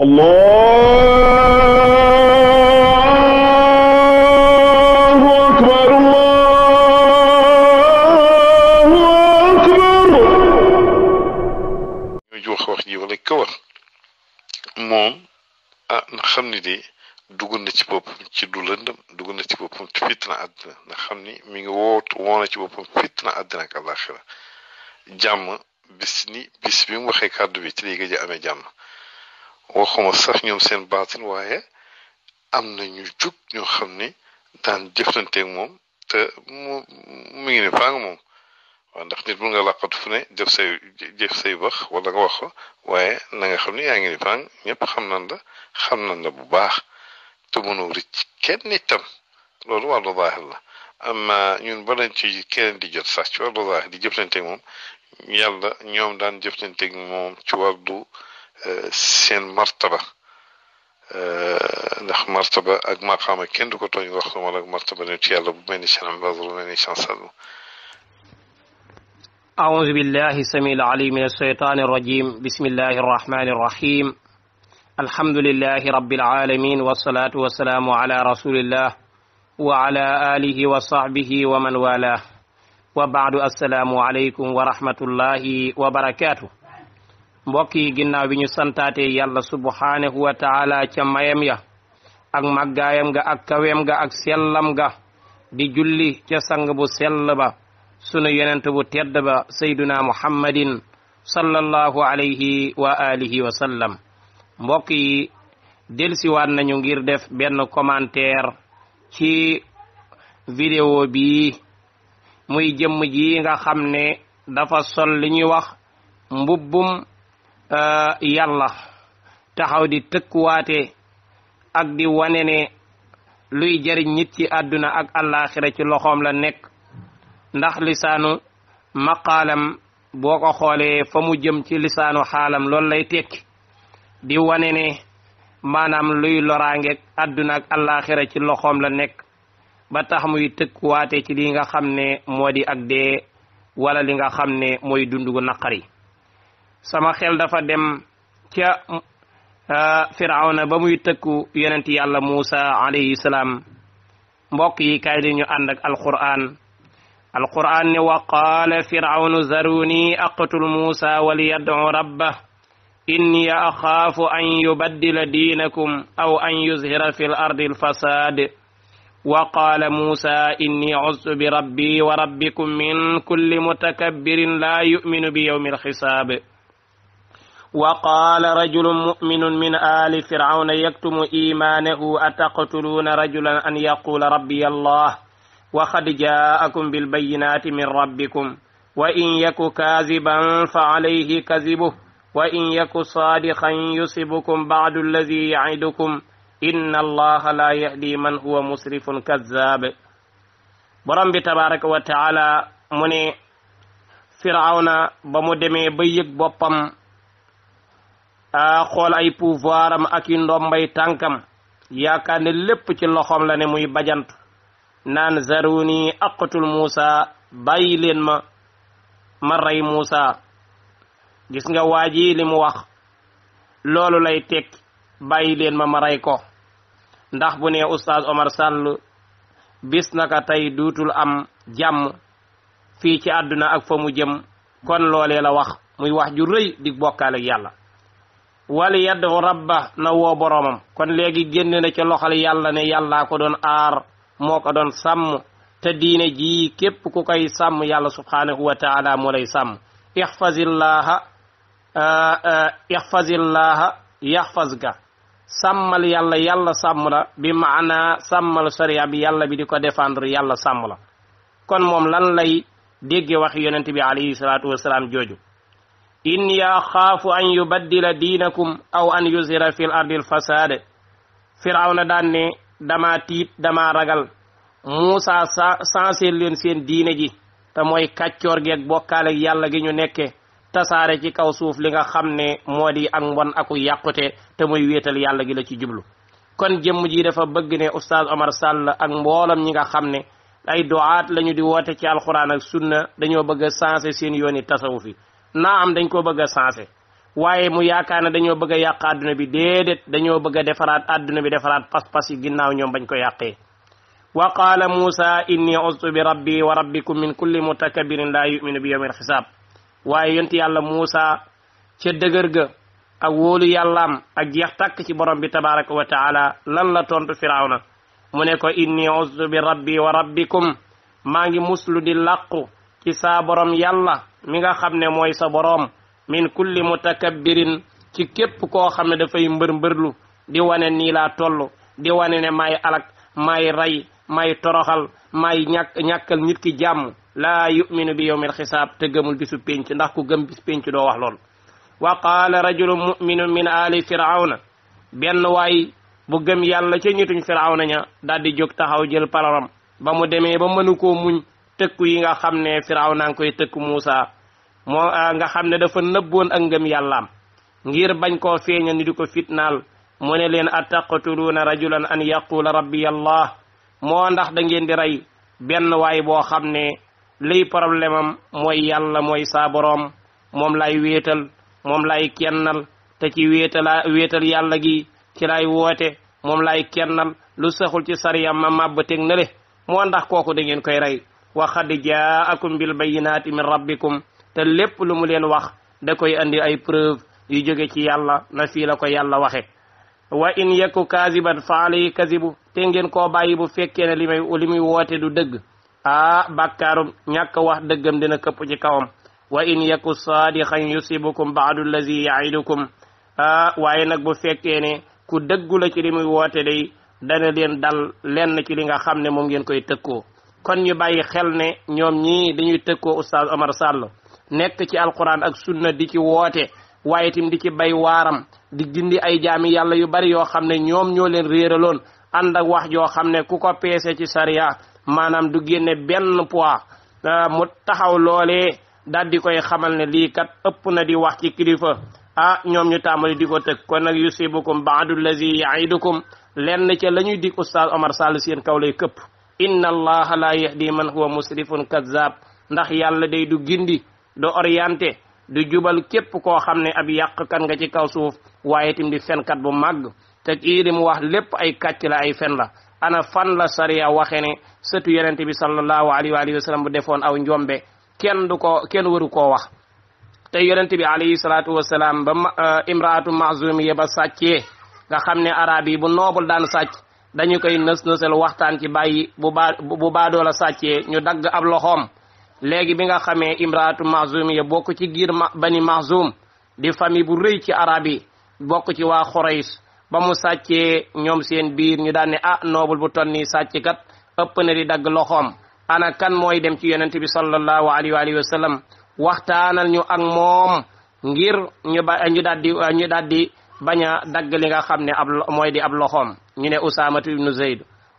الله أكبر الله أكبر ñu jox wax ji wala ko wax moom ah na xam ni de dugg na ci boppam ci du lëndam dugg na ci boppam ci fitna àddina na xam ni mi ngi woot woona ci boppam fitna àddina ak àllaaxira jàmm bis ni bis bi mu waxee kàddu bi ci lay gëj amee jàmm waxuma sax ñoom seen baatin waaye am na ñu jub ñoo xam ni daan jëflanteeg moom te mu mu ngi ne faa nga moom waaw ndax nit bu nga làqatu fu ne jëf say say bax wala nga wax waaye na nga xam ni yaa ngi ni faa ñëpp xam nan xam nan la bu baax te mënoo rëcc kenn itam loolu wàllu zaahir la amma ñun ba lañ ci keneen di jot sax ci wàllu zaahir di jëflanteeg moom yàlla ñoom daan jëflanteeg moom ci du سين مرتبه نخ مرتبه ak maqaama kenn du ko tooñ wax wala ak martaba nit yàlla bu mel ni seen شن badru أعوذ بالله السميع العليم من الشيطان الرجيم بسم الله الرحمن الرحيم الحمد لله رب العالمين والصلاة والسلام على رسول الله وعلى آله وصحبه ومن والاه وبعد السلام عليكم ورحمة الله وبركاته mbokk yi ginnaaw bi ñu santaatee yàlla subhaanahu wa taala ca mayam ya ak màggaayam ga ak kaweem ga ak sellam ga di julli ca sang bu sell ba sunu yonent bu tedd ba sayduna muhammadin salallahu alayhi wa alihi wa sallam mbokk yi delsiwaat nañu ngir def benn commentaire ci vidéo bii muy jëmm ji nga xam ne dafa sol li ñuy wax mbubbum Euh, yàlla taxaw di tëkkuwaate ak di wane ne luy jariñ nit ci àdduna ak àllaaxira ci loxoom la nekk ndax lisaanu maqaalam boo ko xoolee fa mu jëm ci lisaanu xaalam loolu lay tekki di wane ne maanaam luy loraangeeg àdduna ak àllaaxira ci loxoom la nekk ba tax muy tëkkuwaate ci li nga xam ne moo di ak dee wala li nga xam ne mooy dundu gu naqari sama xel dafa dem ca firawna ba muy tëkku yonent yàlla muusa alayhi salaam mbokk yi kay di ñu ànd ak alquran alquran ne wa qala firawnu zaruni aqtul muusa waliyadcu rabbah إني أخاف أن يبدل دينكم أو أن يظهر في الأرض الفساد وقال موسى إني عزت بربي وربكم من كل متكبر لا يؤمن بيوم الحساب وقال رجل مؤمن من آل فرعون يكتم إيمانه أتقتلون رجلا أن يقول ربي الله وقد جاءكم بالبينات من ربكم وإن يك كاذبا فعليه كذبه وإن يك صادقا يصبكم بعد الذي يعدكم إن الله لا يهدي من هو مسرف كذاب برم تبارك وتعالى مني فرعون بمدمي بيك بوبم Ah, xool ay pouvoir am ak i ndombay tànkam yaakaar ne lépp ci loxoom la ne muy bajant naan zaruni aqtul muusa bàyyi leen ma ma rey muusa gis nga waa ji li mu wax loolu lay teg bàyyi leen ma ma rey ko ndax bu oustaz omar sall bis naka tey duutul am jàmm fii ci àdduna ak fa mu jëm kon loolee la wax muy wax ju rëy di ak yàlla wal yaddu rabba na wo boromam kon leegi génne na ca loxal yàlla ne yàlla ko doon aar moo ko doon sàmm te diine ji képp ku koy sàmm yàlla subhanahu wa taala moo lay sàmm ixfazillaha ixfazillaha yaxfas ga sàmmal yàlla yàlla sàmm la bi maana sàmmal saria bi yàlla bi di ko défendre yàlla sàmm la kon moom lan lay déggee wax yonente bi alayhi salatu wasalaam joojo inni akhaafu an yubaddila dinakum aw an yusira fi l ardi alfasade firawna dan ne dama tiit dama ragal muusa sanser leen seen diine ji te mooy kàccoor gi ak bokkaale ak yàlla gi ñu nekke tasaare ci kaw suuf li nga xam ne moo di ak mbon aku yàqute te muy wéetal yàlla gi la ci jublu kon jëmm ji dafa bëgg ne oustaz omar sall ak mboolam ñi nga xam ne ay doaat lañu di woote ci alquran ak sunna dañoo bëgg a sanse seen yooni tasawufi naam am dañ ko bëgg sansé mu yaakaar ne dañoo bëgg yaq aduna bi déedéet dañu bëgg defaraat bi defaraat pas pass yi ginnaw ñom bañ ko yaqé wa qala musa inni ustu bi rabbi wa rabbikum min kulli mutakabirin la yuminu bi yawmil hisab waaye yent yalla musa ci dëgër ga ak yalla am ak jeex tak ci borom bi tabaarak wa taala lan la tontu fir'auna mu ne ko inni ustu bi rabbi wa rabbikum maa ngi muslu di ci sa borom yalla mi nga xamne moy sa borom min kulli mutakabbirin ci kep ko xamne da fay mbeur mbeurlu di wane ni la tollu di wane ne may alak may ray may toroxal may ñak ñakal nit ki jàmm la yuminu bi yawmil hisab te gemul bisu penc ndax ku gem bis penc do wax lol wa qala rajulun muminun min ali fir'aun ben way bu gem yalla ci ñituñ fir'aun nya dal di jog taxaw jël palaram ba mu deme ba mënu muñ tëkku yi nga xam ne firaw naangi koy tëkku moussa moo ah, nga xam ne dafa nëbboon ak ngëm yàllaam ngir bañ koo feeña ni di ko fit naal mu ne leen ataqatuluuna rajulan an yaquula rabiyallah moo ndax da ngeen di rey benn waay boo xam ne liy problème am mooy yàlla mooy saaboroom moom lay wéetal moom lay kennal te ci wéetala wéetal yàlla gi ci lay woote moom laay kennal lu sexul ci sariya ma mabb teg na le moo ndax kooku da ngeen koy rey وقد جاءكم بالبينات من ربكم تلب لملين وخ دكوي اندي اي بروف يجوكي كي يالا نسي لكو يالا وخي وإن يكو كاذبا فعلي كذبو تنجن كو بايبو فكينا لمي ولمي واتي دو دج آ بكارم نيكو وخ دجم دينا كبو جيكاوم وإن يكو صادقا يصيبكم بعد الذي يعيدكم آ وينك بو فكينا كو دجو لكي لمي واتي دي دانا لين دال لين كي لنغا خامن ممجن كو يتكو kon ñu bàyyi xel ne ñoom ñii dañuy tëkkoo oustaz omar sall nekk ci alquran ak sunna di ci woote waaye tim di ci bay waaram di gindi ay jaami yàlla yu bari yoo xam ne ñoom ñoo leen réeraloon ànd ak wax joo xam ne ku ko peese ci sariya maanaam du génne benn poids ah, mu taxaw loolee daal di koy xamal ne lii kat ëpp na di wax ci kilifa ah ñoom ñu tàmbali di ko tëg kon nag yusibukum baadu lazi yaidukum lenn ca la ñuy dig omar sall seen kaw lay inna allaha la yahdi man huwa musrifun kazzab ndax yàlla day du gindi do oriente du jubal képp koo xam ne ab yàqkan nga ci kaw suuf waaye tim di fenkat bu màgg te kii li wax lépp ay kàcc la ay fen la ana fan la sariya waxe ne sëtu yonent sallallahu alaihi wa sallam bu defoon aw njombe kenn du ko kenn waru koo wax te yonent bi ba eh, imraatu mahzumiya ba sàccee nga xam bu noobul dan sàcc dañu koy nës nësal waxtaan ci bàyyi bu bu baadoo la sàccee ñu dagg ab loxoom léegi bi nga xamee imraatu mahzum ya bokk ci giir bani mahzum di famille bu rëy ci arab yi bokk ci waa xorays ba mu sàccee ñoom seen biir ñu daan ne ah bu tonni sàcc kat ëpp na di dagg loxoom ana kan mooy dem ci yonente bi sallallahu alayhi wa alihi wa sallam waxtaanal ñu ak moom ngir ñu ba ñu daal ñu daal bañ a dagg li nga xam ne ab mooy di ab loxoom ñu ne usaamatu ibnu zeyd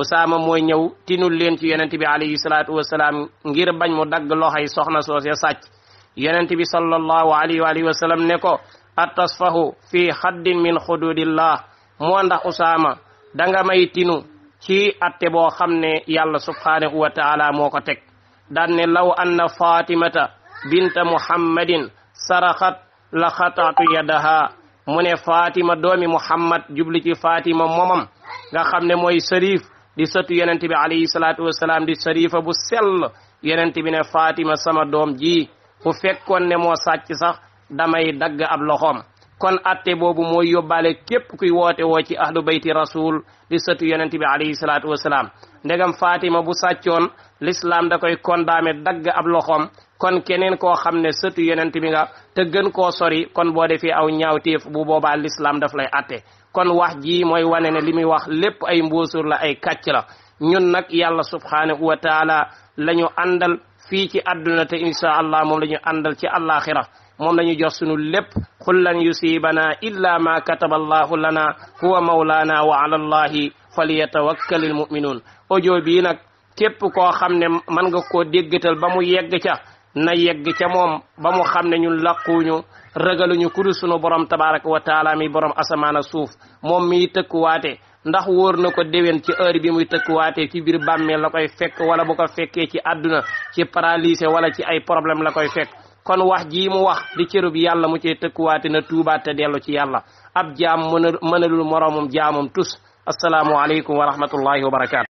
usaama mooy ñëw tinul leen ci yonent bi alayhi salaatu wasalaam ngir bañ mu dagg loxay soxna soos ya sàcc yonent bi sala allahu alayhi wa alihi wasalam ne ko atasfahu fi xaddin min xududillah moo ndax usaama danga may tinu ci atte boo xam ne yàlla subhanahu wa taala moo ko teg daan ne law anna fatimata binta muhammadin saraxat la xataatu yadaha mune fatima domi muhammad jublu ci fatima momam nga xamne moy sharif di sëtu yonent bi alayhi salatu wassalam di sërifa bu sel yonent bi ne fatima sama dom ji bu fekkon ne mo sàcc sax damay dag ab loxom kon atte bobu moy yobale kep kuy wote wo ci ahlu bayti rasul di sëtu yonent bi alayhi salatu wassalam ndegam fatima bu saccion l'islam da koy kondaame dag ab loxom kon keneen koo xam ne sëtu yonent bi nga te gën koo sori kon boo defee aw ñaawteef bu boobaa l'islam daf lay atte kon wax ji mooy wane ne li muy wax lépp ay mbuusur la ay kàcc la ñun nag yàlla subhanahu wa taala la ñu àndal fii ci àdduna te insha allah moom la ñu àndal ci alaxira moom la ñu jox sunu lépp qul lan yusibana illa ma kataba allahu lana huwa mawlana wa ala allahi falyatawakkal almuminun audio bii nag képp koo xam ne mën nga koo déggatal ba mu yegg ca na yegg ca moom ba mu xam ne ñun làquuñu ñu kudu sunu borom tabaraka wa taala mi borom asamaana suuf moom miy tëkkuwaate ndax wóor na ko déwén ci heure bi muy tëkkuwaatee ci biir bàmmee la koy fekk wala bu ko fekkee ci àdduna ci paralysé wala ci ay problème la koy fekk kon wax jii mu wax di cërub yàlla mu cee tëkkuwaate na tuubaat te dellu ci yàlla ab jaam mën mënalul moroomum jaamum tus asalaamualeykum wa rahmatullahi wa barakaatu